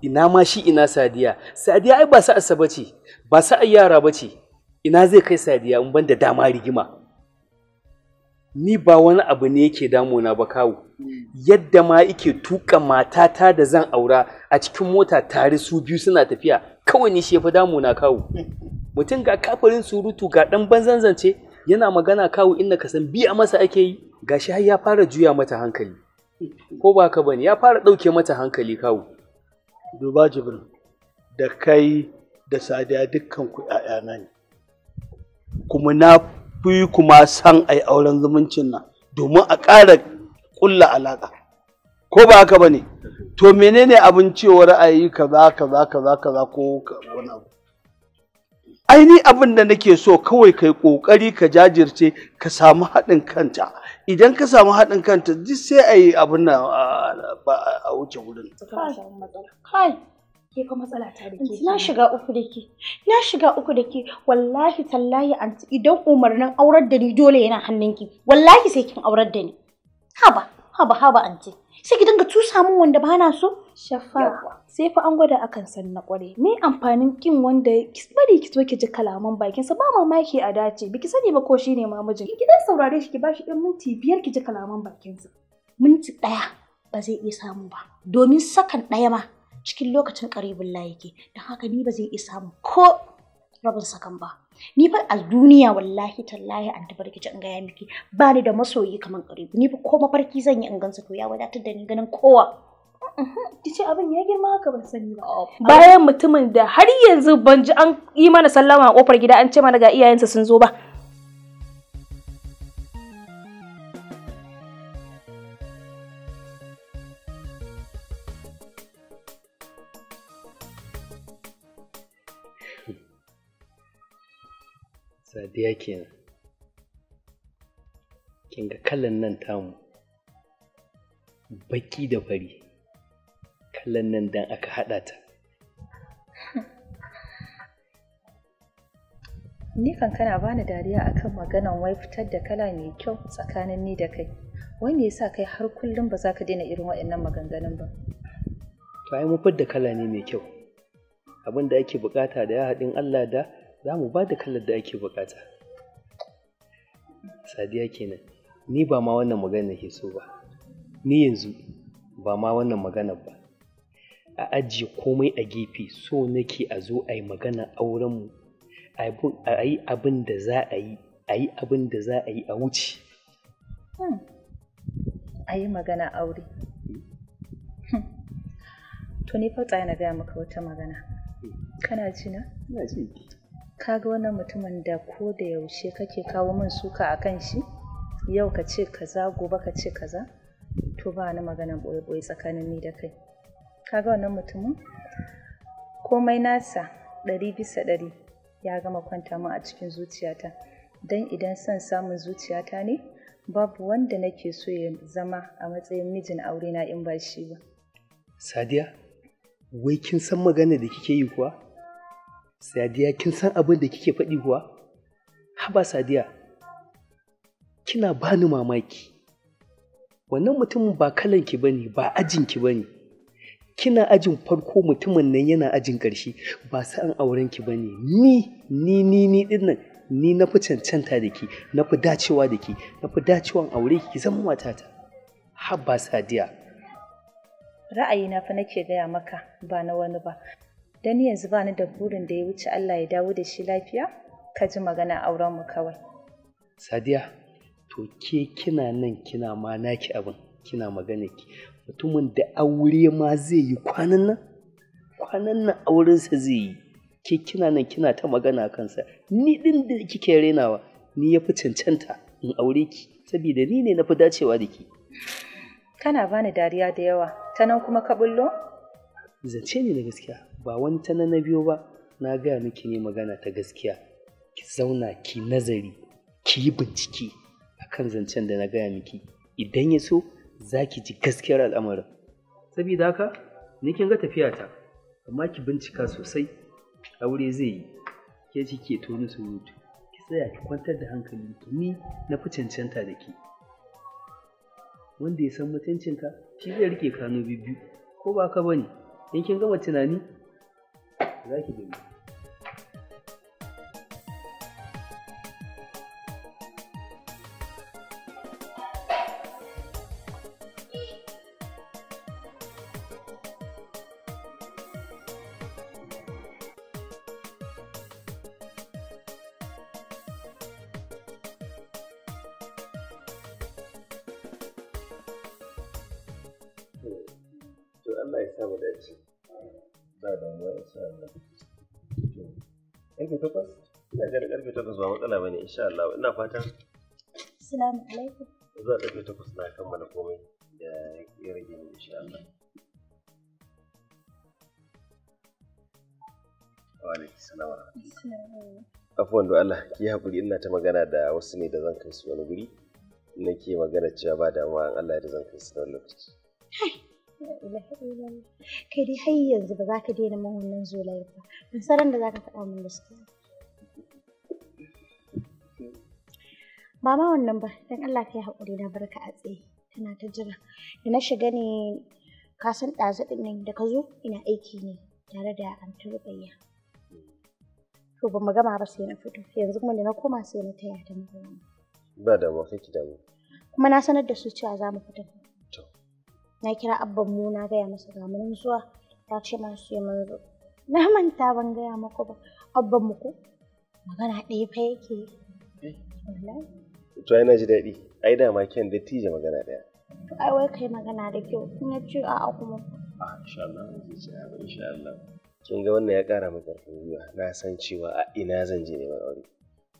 ina ma shi ina sadiya sadiya ai ba sa'arsa ba ce ba sa'ar yara ba ce ina zai kai sadiya in banda dama rigima ni ba wani abu ne yake damuna ba kawo yadda ma yake tuka matata da zan aura a cikin mota tare su biyu suna tafiya kawai ni shi ya fi damuna kawo mutum ga kafarin surutu ga dan banzan zance yana magana kawo inda ka san biya masa ake yi gashi har ya fara juya mata hankali ko ba ka bane ya fara ɗauke mata hankali kawo duba jibril da kai da sadiya dukkan ku ‘ya'yana ne kuma na fi kuma san ai auren zumuncin nan domin a ƙara ƙulla alaƙa ko ba haka ba ne to menene abin cewa ra'ayi kaza kaza kaza kaza ko wani abu aini abin da nake so kawai kai ƙoƙari ka jajirce ka samu haɗin kanta idan ka samu haɗin kanta duk sai a yi abin nan a wuce wurin. Kai, ke matsala ta da ke. Na shiga uku da ke, na shiga uku da ke, wallahi tallahi anti idan umarnin aurar da ni dole yana hannun ki, wallahi sai kin aurar da ni. Haba, haba, haba anti. Sai ki dinga tusa min wanda ba na so? Shafa. sai fa an gwada akan san na ƙware. Me amfanin kin wanda bari ki zo ki ji kalaman bakinsa ba mamaki a dace biki sani ba ko shine ma Ki dan saurare shi ki bashi dan minti biyar ki ji kalaman bakinsa. Minti ɗaya ba zai iya samu ba domin sakan ɗaya ma cikin lokacin ƙaribin layiki dan haka ni ba zai iya samu ko rabin sakan ba. Ni fa a duniya wallahi tallahi an tabar ki in gaya miki ba ni da masoyi kaman karibu. ni fa ko mafarki zan yi in gansa to ya wadatar da ni ganin kowa. ce abin ya girma haka ban sani ba. Oh, bayan mutumin da har yanzu ban ji an yi mana sallama a kofar gida an ce mana ga iyayensa sun zo ba. Sadiya kenan. Kin ga kalan nan tamu. Baki da fari. kallon nan dan aka haɗa ta ni kan kana bani dariya akan maganan wai fitar da kala mai kyau tsakanin ni da kai wanda ya sa kai har kullum ba za ka daina irin waɗannan maganganun ba to ai mu da kala ne mai kyau abin da ake bukata da ya haɗin Allah da za mu ba da kalar da ake bukata sadiya kenan ni ba ma wannan magana ke so ba ni yanzu ba ma wannan magana ba a ajiye komai a gefe so nake a zo a yi magana aurenmu a yi abin da za a yi a yi abin da za a yi a wuce hmm. a yi magana aure hmm. to ni fata na gaya maka wata magana kana ci na ka ga wannan mutumin da ko da yaushe kake kawo min suka a kan shi yau ka ce kaza gobe ka ce kaza to ba ni maganan ɓoye-ɓoye tsakanin ni da kai kaga wannan mutumin komai nasa ɗari bisa ɗari ya gama kwanta min a cikin zuciyata don idan son samun zuciyata ne babu wanda nake so ya zama a matsayin mijin aure na in ba shi ba sadiya wai kin san magana da kike yi kuwa sadiya kin san abin da kike faɗi kuwa haba sadiya kina bani mamaki wannan mutumin ba kalanki bane ba ajin ki bane kina ajin farko mutumin nan yana ajin ƙarshe ba sa'an auren ki bane ni ni ni ni din nan ni na fi cancanta da ki na fi dacewa da ki na fi dacewan aure ki zama matata har ba sadiya na fa nake gaya maka ba na wani ba dan yanzu ba ni da burin da ya wuce Allah ya dawo da shi lafiya ka ji magana auren mu kawai sadiya to ke kina nan kina ma naki abin kina magana ki mutumin da aure ma zai yi kwanan nan kwanan nan aurensa zai yi ke kina nan kina ta magana kansa ni din da kike renawa ni ya fi cancanta in aure ki saboda ni ne na fi dacewa da ki kana bani dariya da yawa ta nan kuma ka bullo zance ne na gaskiya ba wani ta na biyo ba na gaya miki ne magana ta gaskiya ki zauna ki nazari ki yi bincike akan zancen da na gaya miki idan ya so za ki ji gaskiyar al'amarin saboda haka ni kin ga tafiya ta amma ki bincika sosai aure zai yi ke ji ke toni surutu ki tsaya ki kwantar da hankali ni na fi cancanta da ke. wanda ya san mutuncinka shi zai rike kano biyu ko ba ka bane in kin gama tunani za ki gani Allah ya sa dace ba damuwa insha Allah yanke takwas ina ganin karfe takwas ba matsala ba bane insha Allah ina fatan assalamu alaikum zuwa karfe takwas na kammala komai da ya rage ni insha Allah Wa Afuwan da Allah ki haƙuri ina ta magana da wasu ne da zan kai su wani guri nake magana cewa ba damuwa Allah da zan kai su wani lokaci. kai dai har yanzu ba za ka daina min wannan zolai ba ban san da za ka faɗa min gaskiya ba ma wannan ba don Allah ka yi haƙuri na barka a tsaye tana ta jira da na shiga ne ka san ɗazu ɗin nan da ka zo ina aiki ne tare da anti to ba mu gama ba sai na fito yanzu kuma da na koma sai na taya ta magana ba da ba da kuma na sanar da su cewa za mu fita na kira abban mu na gaya masa ga mun zuwa ta ce ma su mun zo na manta ban gaya mako ba abban mu ko magana ɗaya fa yake eh. to ai na ji daɗi ai da ma kyan tije magana ɗaya ai wai kai magana da kyau na ce a'a kuma a ah, insha Allah zai ci a insha Allah kin ga wannan ya ƙara min ƙarfin gwiwa na san cewa a ina zan je neman aure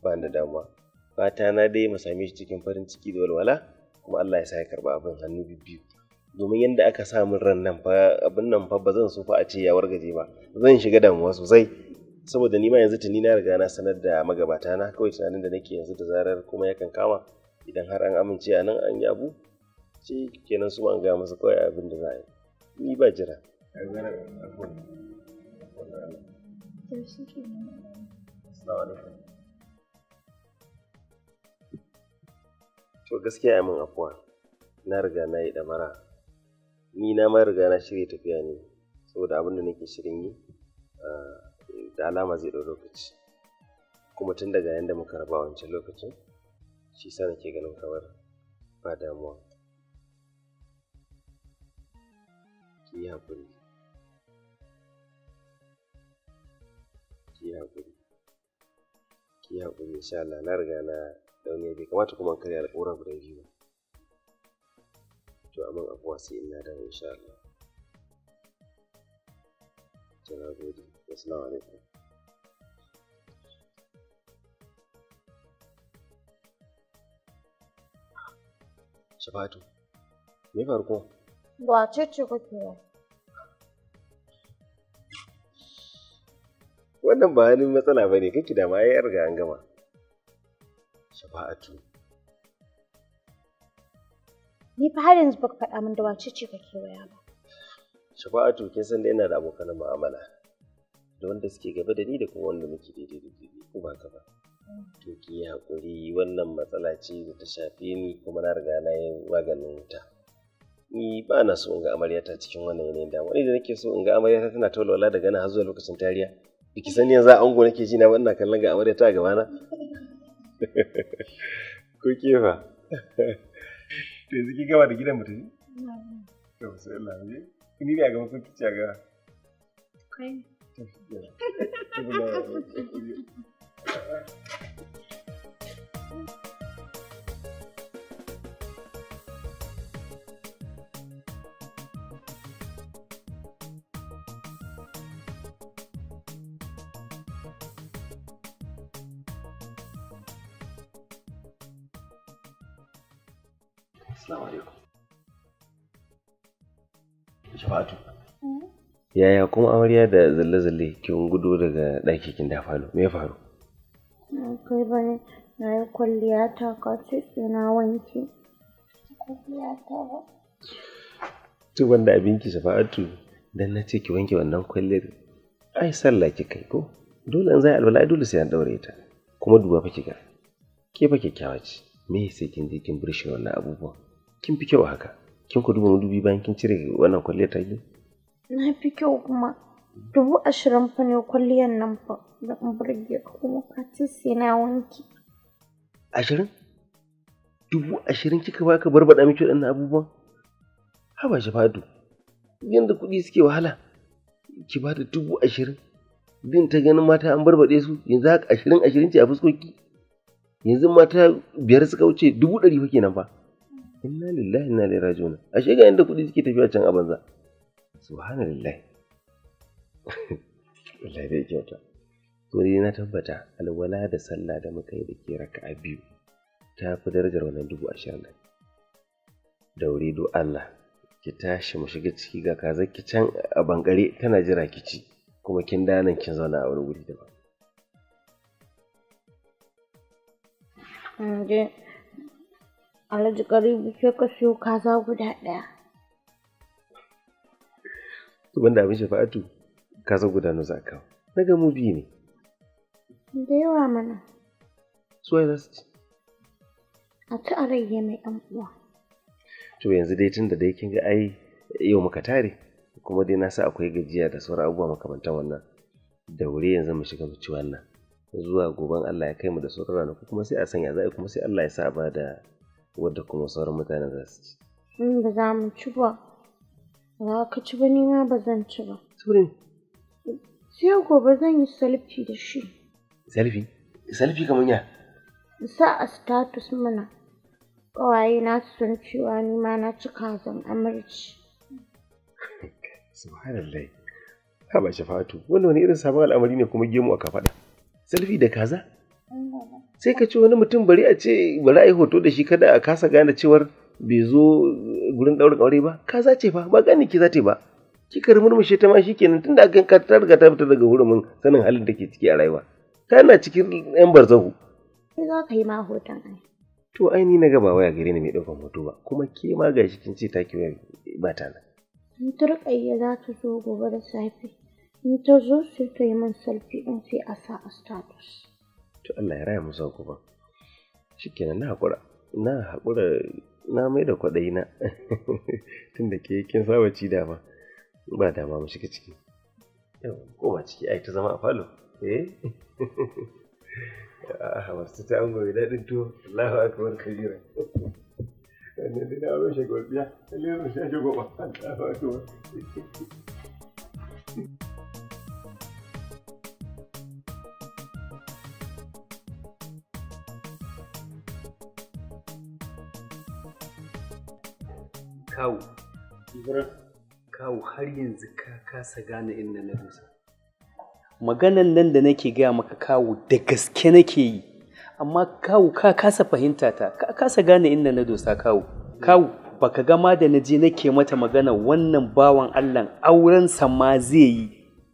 ba da damuwa fata na dai mu same shi cikin farin ciki da walwala kuma Allah ya sa ya karba abin hannu bibbiyu domin yadda aka sa min ran nan fa abin nan fa ba zan so fa a ce ya wargaje ba zan shiga damuwa sosai saboda ni ma yanzu tuni na riga na sanar da magabata na kawai tunanin da nake yanzu da zarar kuma yakan kama idan har an amince a nan an yi abu ce kenan su an ga masa kawai abin da za a yi ni ba jira to gaskiya ya min afuwa na riga na yi damara ni na ma riga na shirya tafiya ne saboda abin da nake shirin yi eh, da alama zai ɗau lokaci kuma tun daga yadda muka raba wancan lokacin shi sa nake ganin kamar ba damuwa ki yi haƙuri ki yi haƙuri ki yi haƙuri insha Allah na riga na dauniya bai kamata kuma karya alƙawura guda biyu to a man sai in na dawo insha Allah. Jana gode. Assalamu alaikum. Shafatu, me farko? Ba cece kake ba Wannan ba wani matsala bane ne, kake da ma yar ga an gama. shafatu Ni fa har yanzu baka faɗa min da wace ce ka kewaya ba. Shafa'atu ke san da yana da abokan mu'amala. Da wanda suke gaba da ni da kuma wanda muke daidai da daidai ko ba ka ba. To ki haƙuri wannan matsala ce da ta shafe ni kuma na riga na yi maganin ta. Ni ba na so in ga amaryata cikin wannan yanayin damuwa. Ni da nake so in ga amaryata tana tolwala daga nan har zuwa lokacin tariya. Biki sani yanzu a ango nake ji na ba ina kallon ga amaryata a gabana. Ko ke to yanzu ki gama gidan mutum to sai Allah ni a gaba kun Assalamu alaikum. Shafa'atu. Hmm? Yaya kuma amarya da zalle-zalle kin gudu daga ɗaki kin da falo? Me ya faru? Kai bane na yi kwalliya ta kwace na wanke. Kwalliya ta ba. Ci wanda abinki Shafa'atu dan na ce ki wanke wannan kwalliyar. Ai sallah ki kai ko? Dole in za a dole sai an daure ta. Kuma duba fa kiga. Ke fa kyakkyawa ce. Me sai kin je kin burshe wannan abubuwan? kin fi kyau a haka kin ku duba dubi bayan kin cire wannan kwalliyar ta na fi kyau kuma dubu ashirin fa ne kwalliyar nan fa da in burge kuma katin sai na wanki ashirin dubu ashirin kika ba ka barbaɗa miki waɗannan abubuwan haba shi fadu yadda kuɗi suke wahala ki ba da dubu ashirin din ta ganin mata an barbaɗe su yanzu haka ashirin ashirin ce a fuskoki yanzu mata biyar suka wuce dubu ɗari fa kenan fa inna lillahi inna ilaihi raji'un ashe ga inda kuɗi suke tafiya can a banza subhanallahi wallahi dai kyauta to dai na tabbata alwala da sallah da muka yi da ke raka'a biyu ta fi darajar wannan dubu ashirin da wuri do Allah ki tashi mu shiga ciki ga kaza ki can a bangare tana jira ki ci kuma kin danan kin zauna a wani wuri daban. alhaji karibu sai ka siyo kaza guda ɗaya wanda abin shafa'atu kaza guda na zaka. na ga mu biyu ne da yawa mana suwai za su ci a ci a rage mai ɗan uwa to yanzu dai tun da dai kin ga ai yau muka tare kuma dai na sa akwai gajiya da sauran abubuwa makamantan wannan da wuri yanzu mu shiga mu ci wannan zuwa goben Allah ya kai mu da sauran ranaku kuma sai a sanya za a kuma sai Allah ya sa ba da wadda kuma sauran mutane za su ci. Ba za mu ci ba, ba ka ci ba ni ma ba zan ci ba. Turin. Sai gobe zan yi salfi da shi. Salfi? Salfi kamar ya? Sa a status mana. Kawaye na sun cewa ni ma na ci kazan amurci. Subhanallah. Ka ba shi fatu, wannan wani irin sabon al'amari ne kuma gemu a kafaɗa. Salfi da kaza? sai ka ce wani mutum bari a ce bari a yi hoto da shi kada a kasa gane cewar bai zo gurin ɗaurin aure ba ka zace fa ba gani ki zace ba Ki kika murmushe ta ma shikenan tunda akan ka ta riga ta fita daga hurumin sanin halin da ke ciki a rayuwa na cikin yan barzahu sai za ka yi ma hoton ai to ai ni na gaba waya gare ni mai ɗaukan hoto ba kuma ke ma gashi kin ce ta waya ba ta nan in za ta zo gobe da safe in ta zo sai ta yi min selfie in sai a sa a status to Allah ya raya musu ku ba shikenan na hakura na hakura na mai da kwadai na tun da ke kin saba ci dama ba dama mu shiga ciki yau ko ba ciki ai ta zama a falo eh a wasu ah, ta an goyi dadin to Allahu akbar kabira ne dai na aure shagwabiya sannan ya rushe shagwaba Allahu akbar kawo kawo har yanzu ka kasa gane inda na dusa maganan nan da nake gaya maka kawo da gaske nake yi amma kawo ka kasa fahimta ta ka kasa gane inda na dosa kawo kawo baka gama da naje nake mata magana wannan bawan allah auren ma zai yi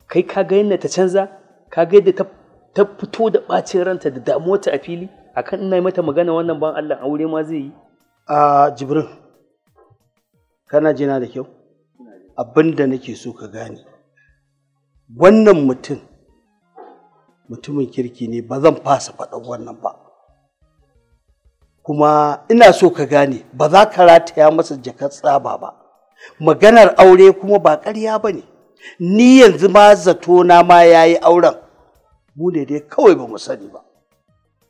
kai ka ga yadda ta canza ka ga yadda ta fito da ɓacin ranta da damuwarta a fili akan ina mata magana wannan bawan allah aure ma zai yi a jibrin kana jina da kyau abin da nake so ka gane wannan mutum mutumin kirki ne ba zan fasa faɗan wannan ba kuma ina so ka gane ba za ka rataya masa jakar tsaba ba maganar aure kuma ba ƙarya ba ne ni yanzu ma zato na ma ya yi auren mu ne dai kawai ba mu sani ba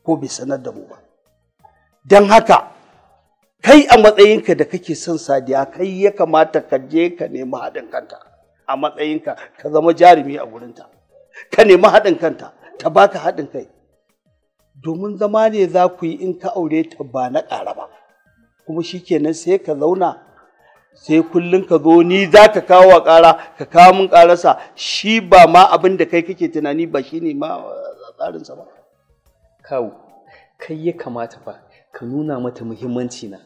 ko bai sanar da mu ba don haka kai a matsayinka da kake son sadiya kai ya kamata ka je ka nemi haɗin kanta a matsayinka ka zama jarumi a gurinta ka nemi haɗin kanta ta baka haɗin kai domin zama ne za ku yi in ka aure ta ba na ƙara ba kuma shikenan sai ka zauna sai kullum ka zo ni za ka kawo wa ƙara ka kawo min ƙararsa shi ba ma abin da kai kake tunani ba shi ne ma tsarinsa ba kawo kai ya kamata fa ka nuna mata muhimmanci na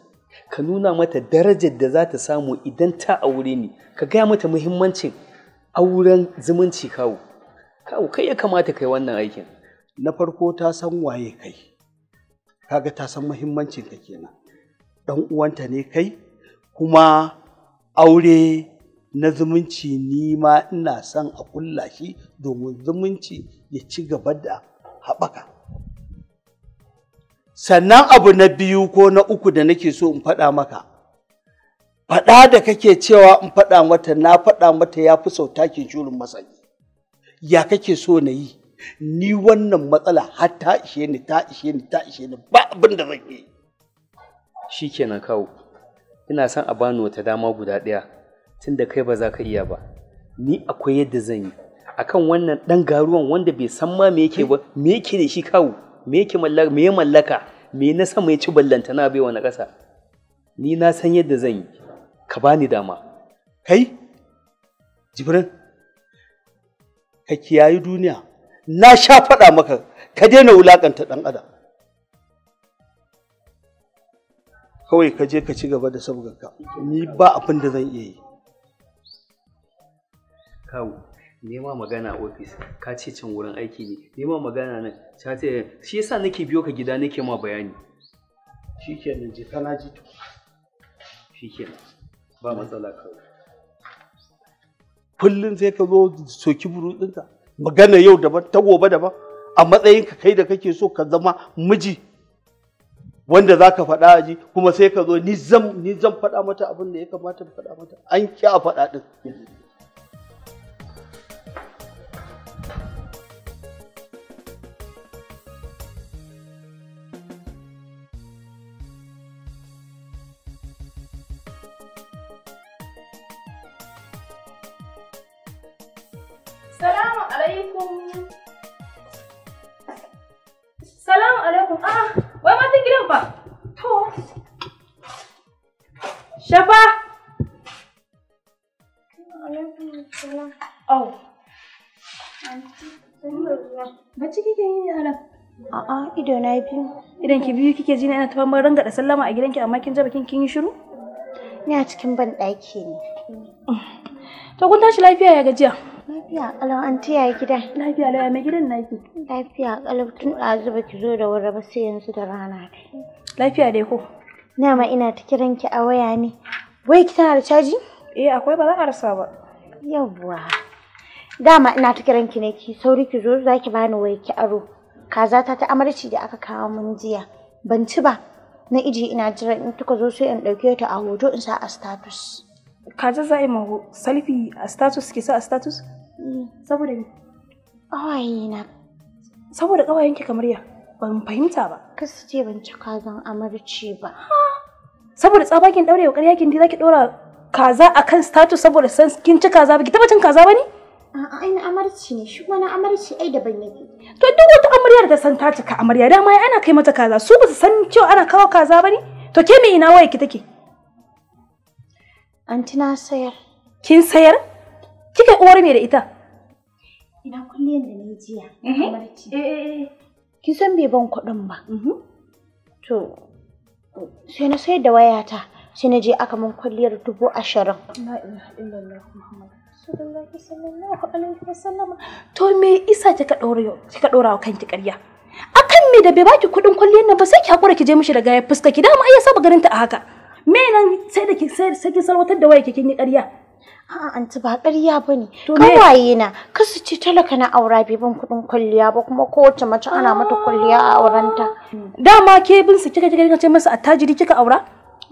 ka nuna mata darajar da za ta samu idan ta aure ni ka gaya mata muhimmancin auren zumunci kawo kawo kai ya kamata kai wannan aikin na farko ta san waye kai kaga ta san muhimmancin ka kenan dan uwanta ne kai kuma aure na zumunci ni ma ina son a kulla shi domin zumunci ya ci gaba da haɓaka sannan abu na biyu ko na uku da nake so in faɗa maka faɗa da kake cewa in faɗa mata na faɗa mata ya fi sau take jurin masani ya kake so na yi ni wannan matsala har ta ishe ni ta ishe ni ta ishe ni ba abin da zan yi shi kenan kawo ina son a bani wata dama guda ɗaya tun da kai ba za ka iya ba ni akwai yadda zan yi akan wannan ɗan garuwan wanda bai san ma me yake ba me yake da shi kawo me yake mallaka me ya mallaka me na ya ci na bai wani ƙasa ni na san yadda zan yi ka bani dama kai jibrin ka kiyayi duniya na sha faɗa maka ka daina wulakanta ɗan adam kawai ka je ka ci gaba da sabgarka ni ba abin da zan iya yi kawo nema magana a ofis ka ce can wurin aiki ne nema magana nan ta ce shi yasa nake biyo ka gida nake ma bayani shikenan je kana ji to shikenan ba matsala ka kullum sai ka zo soki buru ɗinka magana yau daban ta gobe daban a matsayin ka kai da kake so ka zama miji wanda za ka faɗa a ji kuma sai ka zo ni zan faɗa mata abin da ya kamata faɗa mata an ƙi a faɗa ɗin ido na biyu idan ki biyu kike jina ina ina fama ranga da sallama a gidanki amma kin jaba kin kin yi shiru ina cikin ban ɗaki ne to kun tashi lafiya ya gajiya lafiya kalau an tiya gida lafiya lafiya mai gidan naki lafiya kalau tun ɗazu ki zo da wuri ba sai yanzu da rana lafiya dai ko na ma ina ta kiran ki a waya ne wai ki tana da caji eh akwai ba za a rasa ba yawwa dama ina ta kiran ki ne ki sauri ki zo zaki bani wai ki aro kaza ta ta amarci da aka kawo mun jiya ban ci ba na iji ina jira in tuka zo sai in ɗauke ta a hoto in sa a status kaza za yi maho salfi a status ke sa a status eh. saboda ni ƙawaye na saboda ƙawayen ki kamar ya ban fahimta ba kasu ce ban ci kazan amarci ba saboda tsabakin wa ƙarya kin dai zaki ɗora kaza akan status saboda san kin ci kaza ba ki tabbatin kaza ba ne A'a ai na amarci ne shi kuma na amarci ai daban yake. To duk wata amarya da san ta cika amarya Da ai ana kai mata kaza su ba su san cewa ana kawo kaza ba ne? To ke me ina wayar ki take? Anti na sayar. Kin sayar? Kika uwar me da ita? Ina kulliyar da ni jiya. Mhm. Amarci. Eh, eh eh. Kin san bai ban kuɗin ba. Mhm. To sai na sayar da wayata sai na je aka min kulliyar dubu ashirin. La ilaha illallah Muhammad. rasulullahi sallallahu alaihi wasallama to me isa kika dora kika dora kanki ƙarya akan me da bai baki kuɗin kwalliyar nan ba sai ki hakura ki je mishi daga ya fuska ki dama ai ya saba ganin ta a haka me nan sai da ki sai ki salwatar da waya kin yi ƙarya A'a anti ba ƙarya bane ne. Kawaye na kasu ce talaka na aura bai ban kuɗin kwalliya ba kuma kowace mace ana mata kwalliya a aurenta. Dama ke bin su kika kika ce masa attajiri kika aura?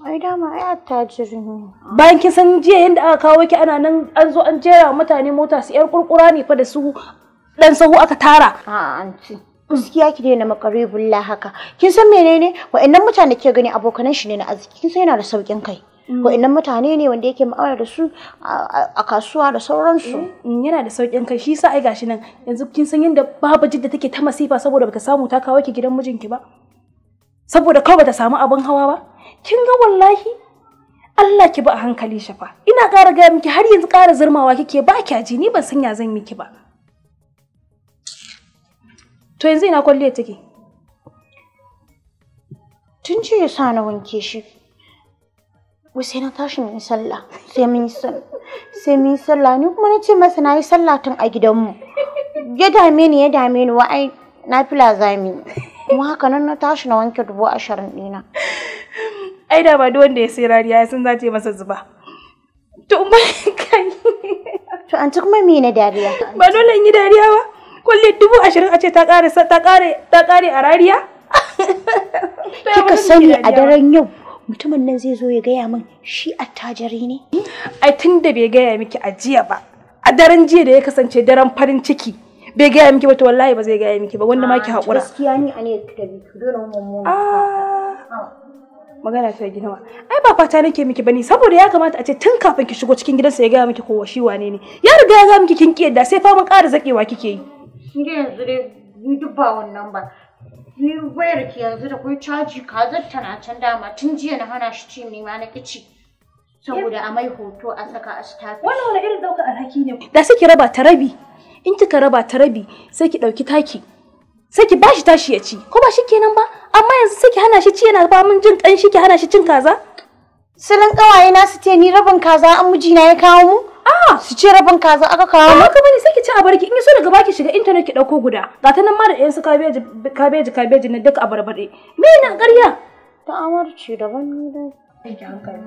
Ai dama ai attajiri ne. Bayan kin san jiya yanda aka kawo ki ana nan an zo an jera mutane mota su yar kurkura ne fa da su dan sahu aka tara. A'a an ci. gaskiya ki na makaribullah haka kin san menene wa'annan mutane ke gani abokanan shi ne na arziki kin san yana da saukin kai mm. wa'annan mutane ne wanda yake ma'amala da su a kasuwa da sauransu mm, mm, yana da saukin kai shi sa ai gashi nan yanzu kin san yadda babu jidda take ta masifa saboda baka samu ta kawo ki gidan mijinki ba saboda kawai bata samu abin hawa ba kin ga wallahi Allah ki ba a hankali shi fa ina ƙara gaya miki har yanzu ƙara zurmawa kike ba ki ji ni ban san ya zan miki ba to yanzu ina kwalliya take tun ce ya sa na wanke shi sai na tashi mai sallah sai mun sai mun sallah ni kuma na ce masa na yi sallah tun a gidanmu ya dame ni ya dame ni ai na fila zami kuma haka nan na tashi na wanke dubu ashirin ɗina ai da ba wanda ya sai rariya sun za ta yi masa zuba to mai kai to an kuma me na dariya ba dole in yi dariya ba kulle dubu ashirin a ce ta kare ta kare ta kare a rariya kika sani a daren yau mutumin nan zai zo ya gaya min shi attajiri ne ai tun da bai gaya miki a jiya ba a daren jiya da ya kasance daren farin ciki bai gaya miki ba to wallahi ba zai gaya miki ba wanda ma ki ah, haƙura gaskiya ni a ne da dole mu mu ah. Ah. magana ta ginawa ai ba fata nake miki bane saboda ya kamata a ce tun kafin ki shigo cikin gidansa ya gaya miki kowa shi wane ne ya riga ya ga miki kin da sai fa mun ƙara zakewa kike yi kin ga yanzu dai ni duk ba wannan ba ni wayar ki yanzu da kai caji kazar tana can dama tun jiya na hana shi ci ni ma na kici saboda a mai hoto a saka a status wannan wani irin dauka alhaki ne da sai ki raba ta rabi in kika raba ta rabi sai ki dauki taki sai ki bashi tashi ya ci ko ba shi kenan ba amma yanzu sai ki hana shi ci yana ba mun jin shi ki hana shi cin kaza salon kawaye na su ce ni rabin kaza an mijina ya kawo mu a ah! su ce rabin kaza aka kawo mu haka bane sai ki ci a barki in so daga baki shiga internet ki dauko guda ga ta nan ma da yansu kabeji kabeji kabeji na duk a barbade me na ƙarya ta amar ce daban ni da ki hankali mm,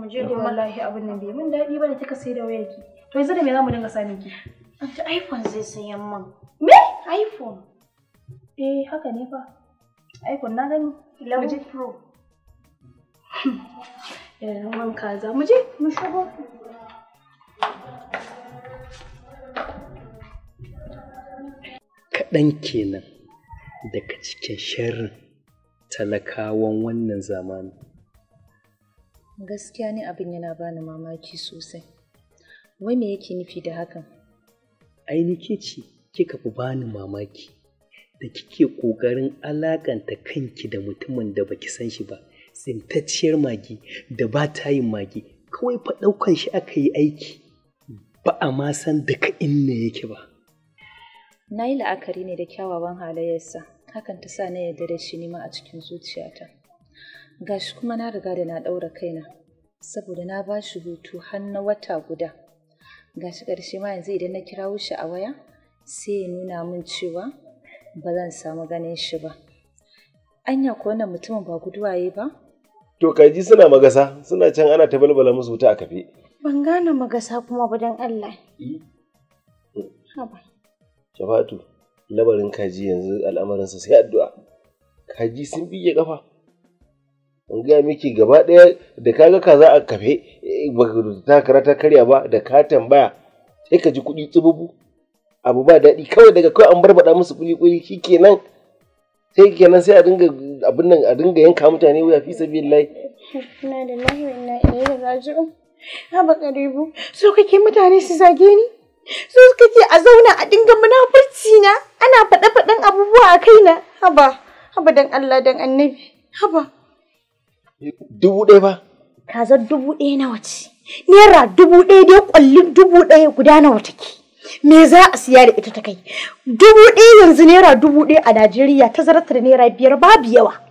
mu je da wallahi abin nan bai mun daɗi bane kika sai da wayarki to yanzu da me zamu dinga samun ki Anta iPhone zai sayan man. Me? iPhone? Eh, haka ne fa. iPhone na gani. lauje Pro. Yaran wanka za mu je mu shigo. Kaɗan kenan daga cikin sharrin talakawan wannan zamanin. Gaskiya ne abin yana bani mamaki sosai. Wai me yake nufi da hakan? ainihi ce kika fi bani mamaki da kike ƙoƙarin alaƙanta kanki da mutumin da baki san shi ba tsintacciyar magi da ba ta yin magi kawai fa ɗaukan shi aka yi aiki ba a ma san daga inna yake ba na yi la'akari ne da kyawawan sa, hakan ta sa na yarda da shi nima a cikin zuciyata gashi kuma na riga da na ɗaura kaina saboda na ba shi hutu har na wata guda ga shi ƙarshe ma yanzu idan na kirawo shi a waya sai ya nuna min cewa ba zan samu ganin shi ba anya ko wannan mutumin ba guduwaye ba to kaji suna magasa suna can ana ta balbala musu wuta a kafe ban gane magasa kuma ba don Allah hmm. haba Shafatu labarin kaji yanzu al'amarinsa sai addu'a kaji sun biye kafa in gaya miki gaba ɗaya da kaga kaza a kafe eh, ba ta kara ta karya ba da ka tambaya sai ka ji kuɗi tsububu abu ba daɗi kawai daga kawai an barbaɗa musu kuli kuli shi kenan sai kenan sai a dinga abin nan a dinga yanka mutane wuya fi sabi lai. na da lahi na ina iya da zaji'un. Haba karibu, so kake mutane su zage ni? So kake a zauna a dinga munafurci na? Ana faɗa-faɗan abubuwa a kaina? Haba, haba dan Allah dan annabi. Haba. Dubu ɗaya ba? Kazar dubu ɗaya na wace Naira dubu ɗaya dai ƙwallin dubu ɗaya guda nawa take. Me za a siya da ita ta kai? Dubu ɗaya yanzu naira dubu ɗaya a Najeriya ta zartar naira biyar babu yawa.